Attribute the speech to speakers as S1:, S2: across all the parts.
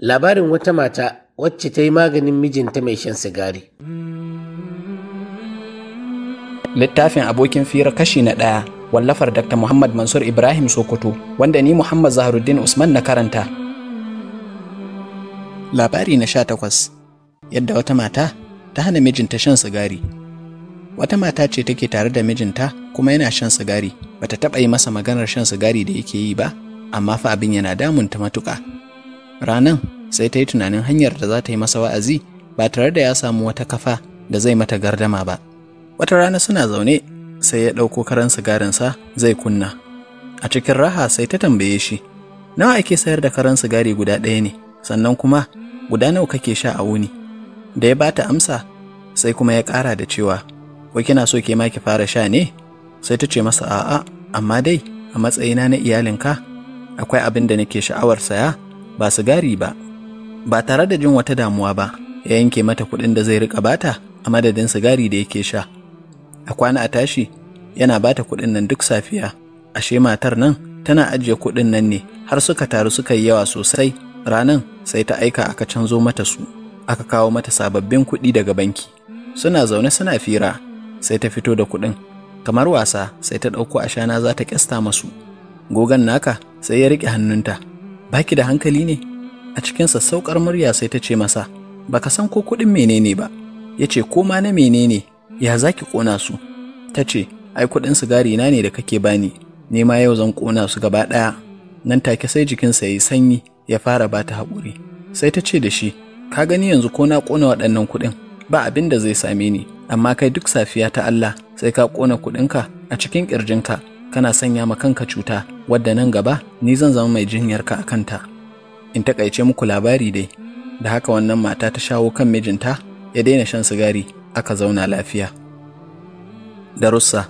S1: labarin wata mata wacce ta yi maganin mijinta mai shan sigari. Littafin abokin fira kashi na ɗaya wallafar Dr. Muhammad Mansur Ibrahim Sokoto wanda ni Muhammad Zaharuddin Usman na karanta. Labari na sha takwas yadda wata mata ta hana mijinta shan sigari. Wata mata ce take tare da mijinta kuma yana shan sigari bata taɓa yi masa maganar shan sigari da yake yi ba amma fa abin yana damunta matuƙa. Ranan sai ta yi tunanin hanyar da za ta yi masa wa'azi ba tare da ya samu wata kafa da zai mata gardama ba. Wata rana suna zaune sai ya ɗauko karan sigarinsa zai kunna. A cikin raha sai ta tambaye shi, nawa ake sayar da karan sigari guda ɗaya ne, sannan kuma guda nawa kake sha a wuni. Da ya bata amsa sai kuma ya ƙara da cewa, ko kina so ke ma ki fara sha ne? Sai ta ce masa a'a, amma dai a matsayina na iyalinka akwai abin da nake sha'awar saya ba sigari ba ba tare da jin wata damuwa ba ya yanke mata kuɗin da zai riƙa bata a madadin sigari da yake sha a kwana a tashi yana bata kuɗin nan duk safiya ashe matar nan tana ajiye kuɗin nan ne har suka taru suka yi yawa sosai ranan sai ta aika aka canzo mata su aka kawo mata sababbin kuɗi daga banki suna zaune suna fira sai ta fito da kuɗin kamar wasa sai ta ɗauko ashana za ta ƙyasta masu gogan naka sai ya riƙe hannunta baki da hankali ne a cikin sassaukar murya sai ta ce masa baka san ko kuɗin menene ba ya ce ko ma na menene ya zaki ƙona su ta ce ai kuɗin sigari na ne da kake bani ne ma yau zan ƙona su gaba ɗaya nan take sai jikinsa ya yi sanyi ya fara ba ta haƙuri sai ta ce da shi ka gani yanzu ko na ƙona waɗannan kuɗin ba abin da zai same ni amma kai duk safiya ta Allah sai ka ƙona kuɗinka a cikin ƙirjinka kana sanya ma kanka cuta wadda nan gaba ni zan zama mai jinyarka a kanta in takaice muku labari dai da haka wannan mata ta shawo kan mijinta ya daina shan sigari aka zauna lafiya darussa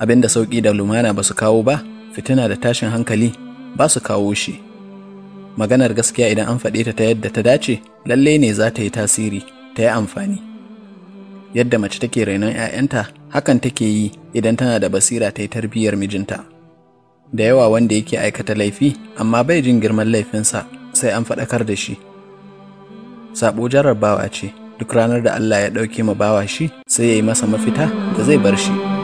S1: abin da sauƙi da lumana ba su kawo ba fitina da tashin hankali ba su kawo shi maganar gaskiya idan an faɗe ta ta yadda ta dace lallai ne za ta yi tasiri ta yi amfani yadda mace take rainon 'ya'yanta hakan take yi idan tana da basira ta yi tarbiyyar mijinta da yawa wanda yake aikata laifi amma bai jin girman laifinsa sai an faɗakar da shi sabo bawa ce duk ranar da allah ya ɗauke ma bawa shi sai ya yi masa mafita da zai bar shi